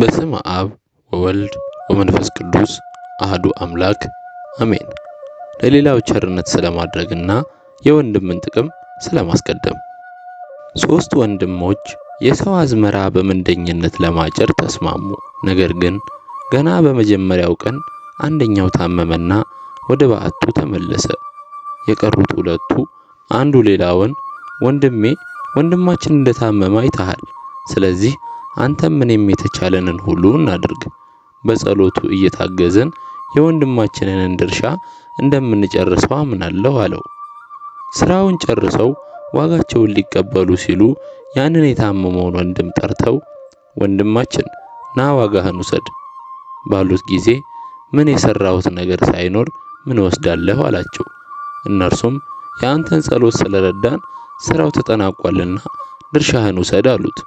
በስም አብ ወወልድ ወመንፈስ ቅዱስ አህዱ አምላክ አሜን። ለሌላው ቸርነት ስለማድረግና የወንድምን ጥቅም ስለማስቀደም። ሶስት ወንድሞች የሰው አዝመራ በምንደኝነት ለማጨር ተስማሙ። ነገር ግን ገና በመጀመሪያው ቀን አንደኛው ታመመና ወደ በዓቱ ተመለሰ። የቀሩት ሁለቱ አንዱ ሌላውን ወንድሜ፣ ወንድማችን እንደታመመ አይተሃል፣ ስለዚህ አንተም እኔም የተቻለንን ሁሉ እናድርግ። በጸሎቱ እየታገዘን የወንድማችንን ድርሻ እንደምንጨርሰው አምናለሁ አለው። ስራውን ጨርሰው ዋጋቸውን ሊቀበሉ ሲሉ ያንን የታመመውን ወንድም ጠርተው ወንድማችን ና ዋጋህን ውሰድ ባሉት ጊዜ ምን የሰራሁት ነገር ሳይኖር ምን ወስዳለሁ አላቸው። እነርሱም የአንተን ጸሎት ስለረዳን ስራው ተጠናቋልና ድርሻህን ውሰድ አሉት።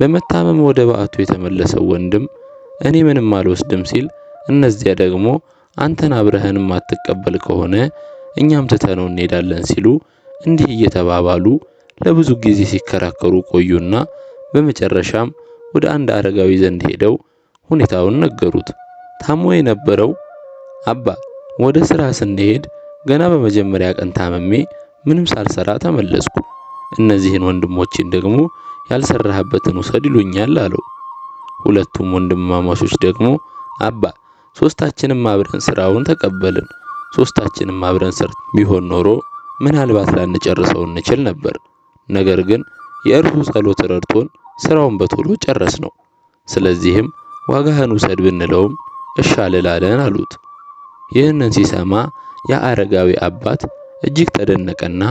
በመታመም ወደ በዓቱ የተመለሰው ወንድም እኔ ምንም አልወስድም ሲል፣ እነዚያ ደግሞ አንተን አብረህን ማትቀበል ከሆነ እኛም ትተነው እንሄዳለን ሲሉ እንዲህ እየተባባሉ ለብዙ ጊዜ ሲከራከሩ ቆዩና በመጨረሻም ወደ አንድ አረጋዊ ዘንድ ሄደው ሁኔታውን ነገሩት። ታሞ የነበረው አባ ወደ ስራ ስንሄድ ገና በመጀመሪያ ቀን ታመሜ ምንም ሳልሰራ ተመለስኩ። እነዚህን ወንድሞችን ደግሞ ያልሰራህበትን ውሰድ ይሉኛል አለው። ሁለቱም ወንድማማቾች ደግሞ አባ ሶስታችንም አብረን ስራውን ተቀበልን። ሶስታችንም አብረን ስር ቢሆን ኖሮ ምናልባት ላንጨርሰው እንችል ነበር። ነገር ግን የእርሱ ጸሎት ረድቶን ስራውን በቶሎ ጨረስ ነው። ስለዚህም ዋጋህን ውሰድ ብንለውም እሺ አልላለን አሉት። ይህንን ሲሰማ የአረጋዊ አባት እጅግ ተደነቀና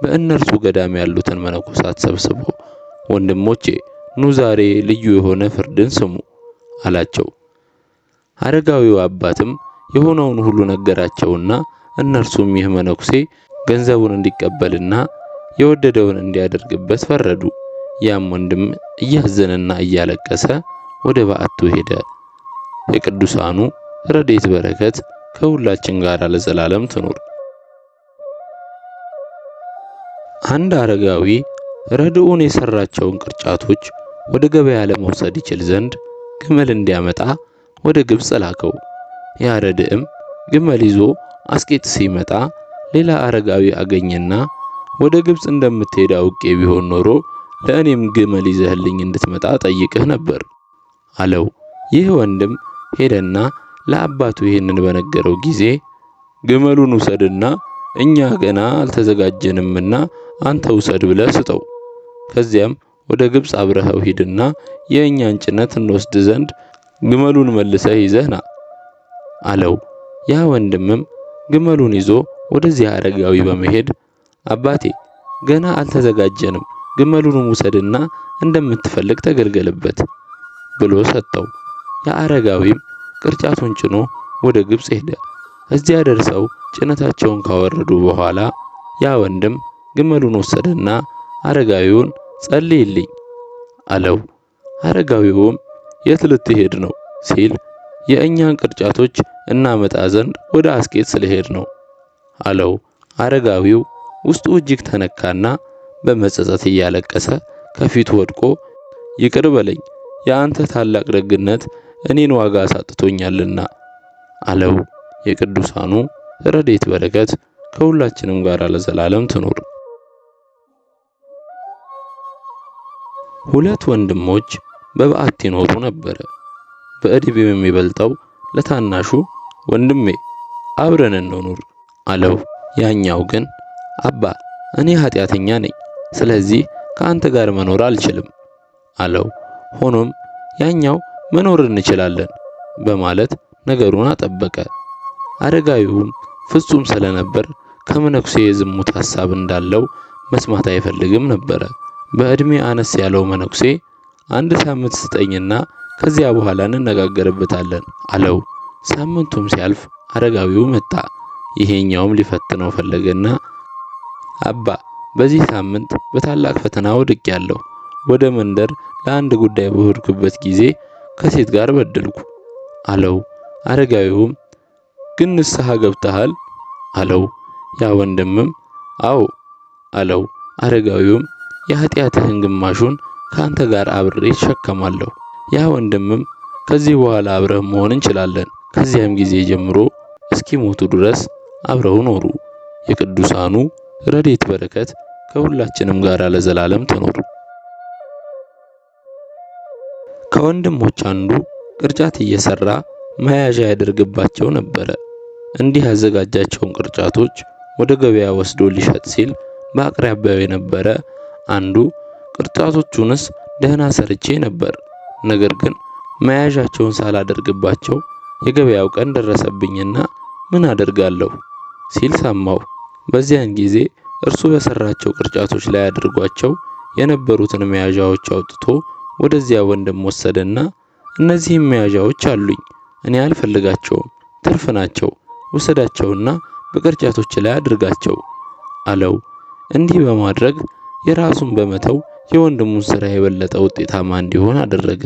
በእነርሱ ገዳም ያሉትን መነኮሳት ሰብስቦ ወንድሞቼ ኑ ዛሬ ልዩ የሆነ ፍርድን ስሙ አላቸው። አረጋዊው አባትም የሆነውን ሁሉ ነገራቸውና እነርሱም ይህ መነኩሴ ገንዘቡን እንዲቀበልና የወደደውን እንዲያደርግበት ፈረዱ። ያም ወንድም እያዘነና እያለቀሰ ወደ በዓቱ ሄደ። የቅዱሳኑ ረድኤት በረከት ከሁላችን ጋር ለዘላለም ትኖር። አንድ አረጋዊ ረድኡን የሰራቸውን ቅርጫቶች ወደ ገበያ ለመውሰድ ይችል ዘንድ ግመል እንዲያመጣ ወደ ግብፅ ላከው። ያ ረድእም ግመል ይዞ አስቄጥ ሲመጣ ሌላ አረጋዊ አገኘና ወደ ግብፅ እንደምትሄድ አውቄ ቢሆን ኖሮ ለእኔም ግመል ይዘህልኝ እንድትመጣ ጠይቅህ ነበር አለው። ይህ ወንድም ሄደና ለአባቱ ይህንን በነገረው ጊዜ ግመሉን ውሰድና እኛ ገና አልተዘጋጀንምና አንተ ውሰድ ብለህ ስጠው ከዚያም ወደ ግብፅ አብረኸው ሂድና የእኛን ጭነት እንወስድ ዘንድ ግመሉን መልሰህ ይዘህ ና አለው። ያ ወንድምም ግመሉን ይዞ ወደዚያ አረጋዊ በመሄድ አባቴ ገና አልተዘጋጀንም፣ ግመሉን ውሰድና እንደምትፈልግ ተገልገልበት ብሎ ሰጠው። የአረጋዊም ቅርጫቱን ጭኖ ወደ ግብፅ ሄደ። እዚያ ደርሰው ጭነታቸውን ካወረዱ በኋላ ያ ወንድም ግመሉን ወሰደና አረጋዊውን ጸልይልኝ አለው። አረጋዊውም የት ልትሄድ ነው ሲል የእኛን ቅርጫቶች እናመጣ ዘንድ ወደ አስቄት ስለሄድ ነው አለው። አረጋዊው ውስጡ እጅግ ተነካና በመጸጸት እያለቀሰ ከፊቱ ወድቆ ይቅር በለኝ የአንተ ታላቅ ደግነት እኔን ዋጋ አሳጥቶኛልና አለው። የቅዱሳኑ ረድኤት በረከት ከሁላችንም ጋር ለዘላለም ትኖር። ሁለት ወንድሞች በበዓት ይኖሩ ነበረ። በዕድሜው የሚበልጠው ለታናሹ ወንድሜ አብረን እንኑር አለው። ያኛው ግን አባ እኔ ኃጢአተኛ ነኝ፣ ስለዚህ ከአንተ ጋር መኖር አልችልም አለው። ሆኖም ያኛው መኖር እንችላለን በማለት ነገሩን አጠበቀ። አረጋዊውም ፍጹም ስለነበር ከመነኩሴ የዝሙት ሐሳብ እንዳለው መስማት አይፈልግም ነበረ። በዕድሜ አነስ ያለው መነኩሴ አንድ ሳምንት ስጠኝና ከዚያ በኋላ እንነጋገርበታለን አለው። ሳምንቱም ሲያልፍ አረጋዊው መጣ። ይሄኛውም ሊፈትነው ፈለገና አባ በዚህ ሳምንት በታላቅ ፈተና ወድቅ ያለው ወደ መንደር ለአንድ ጉዳይ በወድኩበት ጊዜ ከሴት ጋር በደልኩ አለው። አረጋዊውም ግን ንስሐ ገብተሃል አለው። ያ ወንድምም አዎ አለው። አረጋዊውም የኃጢአትህን ግማሹን ከአንተ ጋር አብሬ እሸከማለሁ። ያ ወንድምም ከዚህ በኋላ አብረህ መሆን እንችላለን። ከዚያም ጊዜ ጀምሮ እስኪሞቱ ድረስ አብረው ኖሩ። የቅዱሳኑ ረድኤት በረከት ከሁላችንም ጋር ለዘላለም ትኖር። ከወንድሞች አንዱ ቅርጫት እየሰራ መያዣ ያደርግባቸው ነበረ። እንዲህ ያዘጋጃቸውን ቅርጫቶች ወደ ገበያ ወስዶ ሊሸጥ ሲል በአቅራቢያው የነበረ አንዱ ቅርጫቶቹንስ ደህና ሰርቼ ነበር፣ ነገር ግን መያዣቸውን ሳላደርግባቸው የገበያው ቀን ደረሰብኝና ምን አደርጋለሁ ሲል ሰማሁ። በዚያን ጊዜ እርሱ በሰራቸው ቅርጫቶች ላይ አድርጓቸው የነበሩትን መያዣዎች አውጥቶ ወደዚያ ወንድም ወሰደና እነዚህም መያዣዎች አሉኝ፣ እኔ አልፈልጋቸውም፣ ትርፍ ናቸው፣ ውሰዳቸውና በቅርጫቶች ላይ አድርጋቸው አለው። እንዲህ በማድረግ የራሱን በመተው የወንድሙን ስራ የበለጠ ውጤታማ እንዲሆን አደረገ።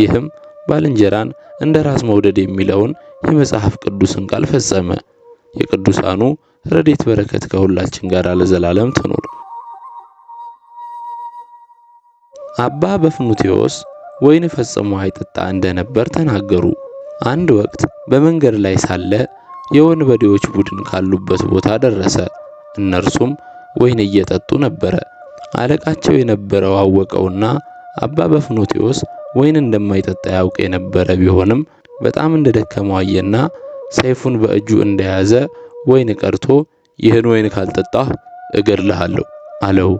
ይህም ባልንጀራን እንደ ራስ መውደድ የሚለውን የመጽሐፍ ቅዱስን ቃል ፈጸመ። የቅዱሳኑ ረዴት በረከት ከሁላችን ጋር ለዘላለም ትኑር። አባ በፍኑቴዎስ ወይን ፈጽሞ አይጠጣ እንደነበር ተናገሩ። አንድ ወቅት በመንገድ ላይ ሳለ የወንበዴዎች ቡድን ካሉበት ቦታ ደረሰ። እነርሱም ወይን እየጠጡ ነበረ። አለቃቸው የነበረው አወቀውና አባ በፍኖቴዎስ ወይን እንደማይጠጣ ያውቅ የነበረ ቢሆንም በጣም እንደደከመው አየና ሰይፉን በእጁ እንደያዘ ወይን ቀርቶ ይህን ወይን ካልጠጣህ እገድልሃለሁ አለው።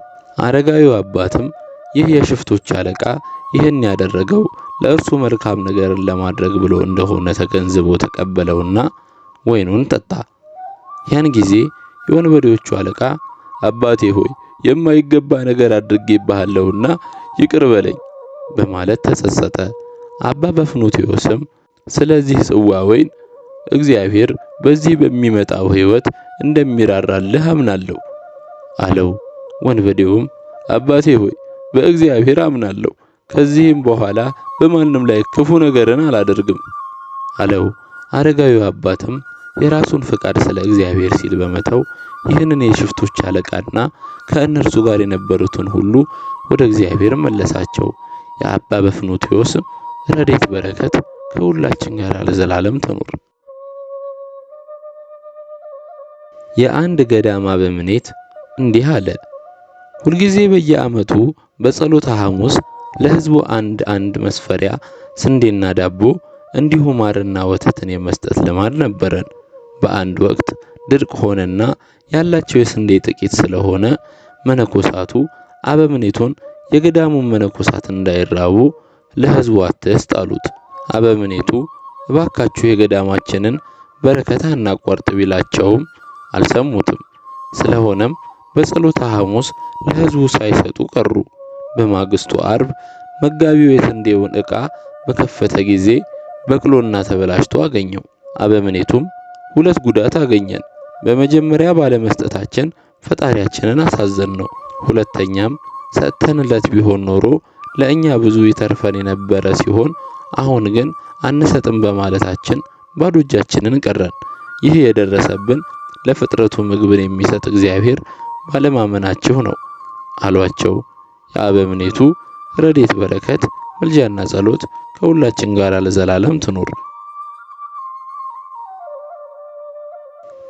አረጋዊው አባትም ይህ የሽፍቶች አለቃ ይህን ያደረገው ለእርሱ መልካም ነገርን ለማድረግ ብሎ እንደሆነ ተገንዝቦ ተቀበለውና ወይኑን ጠጣ። ያን ጊዜ የወንበዴዎቹ አለቃ አባቴ ሆይ የማይገባ ነገር አድርጌብሃለሁና ይቅር በለኝ በማለት ተጸጸተ። አባ በፍኑትዮስም ስለዚህ ጽዋ ወይን እግዚአብሔር በዚህ በሚመጣው ሕይወት እንደሚራራልህ አምናለሁ አለው። ወንበዴውም አባቴ ሆይ በእግዚአብሔር አምናለሁ፣ ከዚህም በኋላ በማንም ላይ ክፉ ነገርን አላደርግም አለው። አረጋዊው አባትም የራሱን ፍቃድ ስለ እግዚአብሔር ሲል በመተው ይህንን የሽፍቶች አለቃና ከእነርሱ ጋር የነበሩትን ሁሉ ወደ እግዚአብሔር መለሳቸው። የአባ በፍኖቴዎስ ረዴት በረከት ከሁላችን ጋር ለዘላለም ትኑር። የአንድ ገዳማ በምኔት እንዲህ አለ። ሁልጊዜ በየዓመቱ በጸሎተ ሐሙስ ለሕዝቡ አንድ አንድ መስፈሪያ ስንዴና ዳቦ እንዲሁም ማርና ወተትን የመስጠት ልማድ ነበረን። በአንድ ወቅት ድርቅ ሆነና ያላቸው የስንዴ ጥቂት ስለሆነ መነኮሳቱ አበምኔቱን የገዳሙን መነኮሳት እንዳይራቡ ለሕዝቡ አትስጥ አሉት። አበምኔቱ እባካችሁ የገዳማችንን በረከታ እናቋርጥ ቢላቸውም አልሰሙትም። ስለሆነም በጸሎተ ሐሙስ ለሕዝቡ ሳይሰጡ ቀሩ። በማግስቱ አርብ መጋቢው የስንዴውን ዕቃ በከፈተ ጊዜ በቅሎና ተበላሽቶ አገኘው። አበምኔቱም ሁለት ጉዳት አገኘን። በመጀመሪያ ባለመስጠታችን ፈጣሪያችንን አሳዘን ነው። ሁለተኛም ሰጥተንለት ቢሆን ኖሮ ለእኛ ብዙ ይተርፈን የነበረ ሲሆን አሁን ግን አንሰጥም በማለታችን ባዶ እጃችንን ቀረን። ይህ የደረሰብን ለፍጥረቱ ምግብን የሚሰጥ እግዚአብሔር ባለማመናችሁ ነው አሏቸው። የአበምኔቱ ረዴት በረከት ምልጃና ጸሎት ከሁላችን ጋር ለዘላለም ትኑር።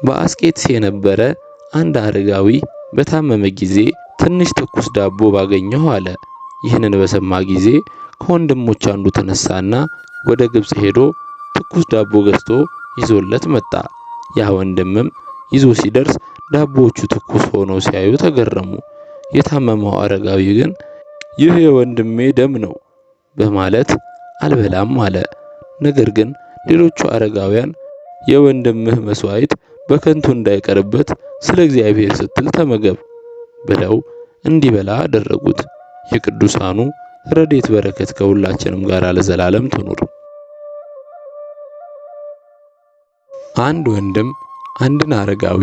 በአስቄትስ የነበረ አንድ አረጋዊ በታመመ ጊዜ ትንሽ ትኩስ ዳቦ ባገኘሁ አለ። ይህንን በሰማ ጊዜ ከወንድሞች አንዱ ተነሳና ወደ ግብፅ ሄዶ ትኩስ ዳቦ ገዝቶ ይዞለት መጣ። ያ ወንድምም ይዞ ሲደርስ ዳቦዎቹ ትኩስ ሆነው ሲያዩ ተገረሙ። የታመመው አረጋዊ ግን ይህ የወንድሜ ደም ነው በማለት አልበላም አለ። ነገር ግን ሌሎቹ አረጋውያን የወንድምህ መስዋዕት በከንቱ እንዳይቀርበት ስለ እግዚአብሔር ስትል ተመገብ ብለው እንዲበላ አደረጉት። የቅዱሳኑ ረዴት በረከት ከሁላችንም ጋር ለዘላለም ትኑር። አንድ ወንድም አንድን አረጋዊ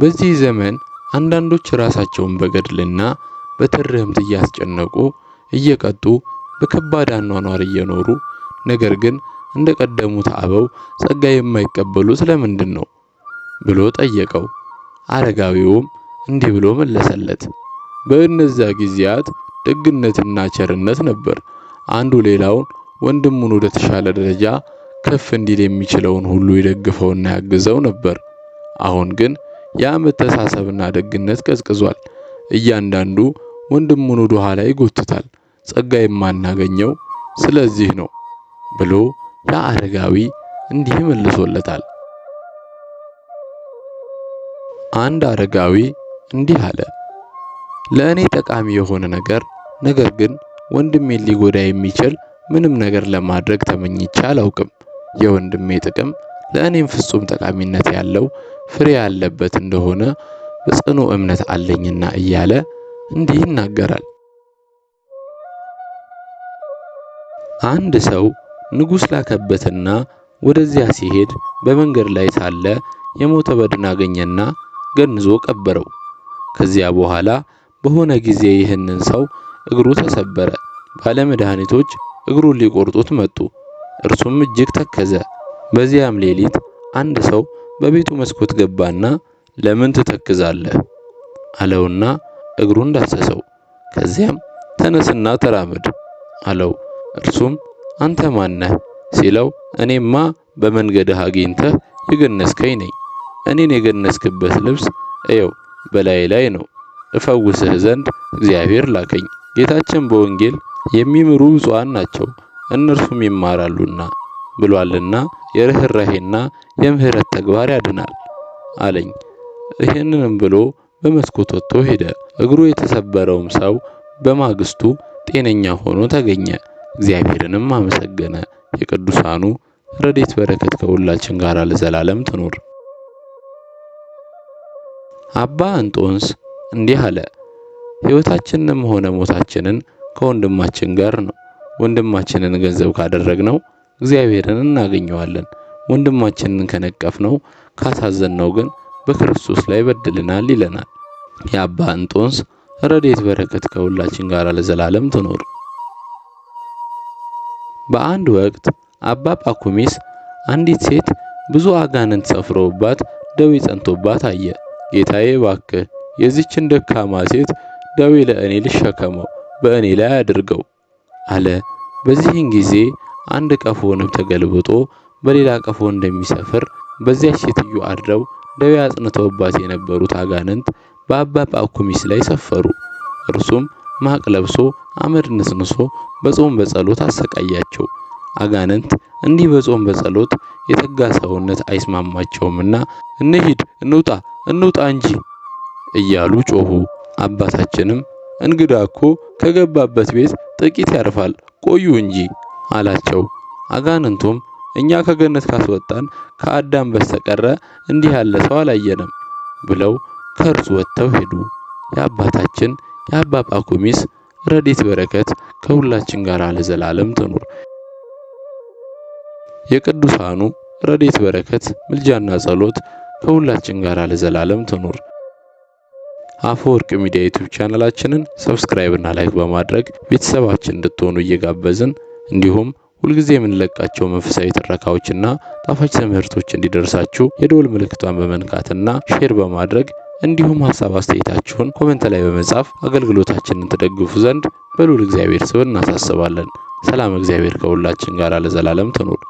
በዚህ ዘመን አንዳንዶች ራሳቸውን በገድልና በትርህምት እያስጨነቁ እየቀጡ በከባድ አኗኗር እየኖሩ ነገር ግን እንደ ቀደሙት አበው ጸጋ የማይቀበሉ ስለምንድን ነው? ብሎ ጠየቀው። አረጋዊውም እንዲህ ብሎ መለሰለት። በእነዚያ ጊዜያት ደግነትና ቸርነት ነበር። አንዱ ሌላውን ወንድሙን ወደ ተሻለ ደረጃ ከፍ እንዲል የሚችለውን ሁሉ ይደግፈውና ያግዘው ነበር። አሁን ግን ያ መተሳሰብና ደግነት ቀዝቅዟል። እያንዳንዱ ወንድሙን ወደ ኋላ ይጎትታል። ጸጋ የማናገኘው ስለዚህ ነው ብሎ ያ አረጋዊ እንዲህ መልሶለታል። አንድ አረጋዊ እንዲህ አለ። ለእኔ ጠቃሚ የሆነ ነገር ነገር ግን ወንድሜን ሊጎዳ የሚችል ምንም ነገር ለማድረግ ተመኝቼ አላውቅም። የወንድሜ ጥቅም ለእኔም ፍጹም ጠቃሚነት ያለው ፍሬ ያለበት እንደሆነ በጽኑ እምነት አለኝና እያለ እንዲህ ይናገራል። አንድ ሰው ንጉሥ ላከበትና ወደዚያ ሲሄድ በመንገድ ላይ ሳለ የሞተ በድን አገኘና ገንዞ ቀበረው። ከዚያ በኋላ በሆነ ጊዜ ይህንን ሰው እግሩ ተሰበረ። ባለመድኃኒቶች እግሩን ሊቆርጡት መጡ። እርሱም እጅግ ተከዘ። በዚያም ሌሊት አንድ ሰው በቤቱ መስኮት ገባና ለምን ትተክዛለህ አለውና እግሩን ዳሰሰው። ከዚያም ተነስና ተራመድ አለው። እርሱም አንተ ማን ነህ ሲለው እኔማ በመንገድህ አግኝተህ የገነዝከኝ ነኝ እኔን የገነስክበት ልብስ እየው በላይ ላይ ነው። እፈውስህ ዘንድ እግዚአብሔር ላከኝ። ጌታችን በወንጌል የሚምሩ ብፁዓን ናቸው እነርሱም ይማራሉና ብሏልና የርኅራሄና የምህረት ተግባር ያድናል አለኝ። ይህንንም ብሎ በመስኮት ወጥቶ ሄደ። እግሩ የተሰበረውም ሰው በማግስቱ ጤነኛ ሆኖ ተገኘ። እግዚአብሔርንም አመሰገነ። የቅዱሳኑ ረዴት በረከት ከሁላችን ጋር ለዘላለም ትኑር። አባ እንጦንስ እንዲህ አለ፣ ሕይወታችንንም ሆነ ሞታችንን ከወንድማችን ጋር ነው። ወንድማችንን ገንዘብ ካደረግነው እግዚአብሔርን እናገኘዋለን። ወንድማችንን ከነቀፍነው ካሳዘንነው ግን በክርስቶስ ላይ በድልናል ይለናል። የአባ እንጦንስ ረዴት በረከት ከሁላችን ጋር ለዘላለም ትኖር። በአንድ ወቅት አባ ጳኩሚስ አንዲት ሴት ብዙ አጋንንት ሰፍረውባት ደዌ ጸንቶባት አየ። ጌታዬ እባክህ የዚችን ደካማ ሴት ደዌ ለእኔ ልሸከመው፣ በእኔ ላይ አድርገው አለ። በዚህን ጊዜ አንድ ቀፎ ንብ ተገልብጦ በሌላ ቀፎ እንደሚሰፍር በዚያች ሴትዮ አድረው ደዌ አጽንተውባት የነበሩት አጋንንት በአባ ጳኩሚስ ላይ ሰፈሩ። እርሱም ማቅ ለብሶ አመድ ንስንሶ በጾም በጸሎት አሰቃያቸው። አጋንንት እንዲህ በጾም በጸሎት የተጋ ሰውነት አይስማማቸውምና እንሂድ፣ እንውጣ፣ እንውጣ እንጂ እያሉ ጮሁ አባታችንም እንግዳ እኮ ከገባበት ቤት ጥቂት ያርፋል፣ ቆዩ እንጂ አላቸው። አጋንንቱም እኛ ከገነት ካስወጣን ከአዳም በስተቀረ እንዲህ ያለ ሰው አላየንም ብለው ከእርሱ ወጥተው ሄዱ። የአባታችን የአባ ጳኩሚስ ረድኤት በረከት ከሁላችን ጋር ለዘላለም ትኑር። የቅዱሳኑ ረዴት በረከት ምልጃና ጸሎት ከሁላችን ጋር ለዘላለም ትኑር። አፈወርቅ ሚዲያ ዩቲዩብ ቻናላችንን ሰብስክራይብ እና ላይክ በማድረግ ቤተሰባችን እንድትሆኑ እየጋበዝን እንዲሁም ሁልጊዜ የምንለቃቸው መንፈሳዊ ትረካዎችና ጣፋጭ ትምህርቶች እንዲደርሳችሁ የደወል ምልክቷን በመንካትና ሼር በማድረግ እንዲሁም ሀሳብ አስተያየታችሁን ኮሜንት ላይ በመጻፍ አገልግሎታችንን ትደግፉ ዘንድ በልዑል እግዚአብሔር ስብን እናሳስባለን። ሰላም እግዚአብሔር ከሁላችን ጋር ለዘላለም ትኑር።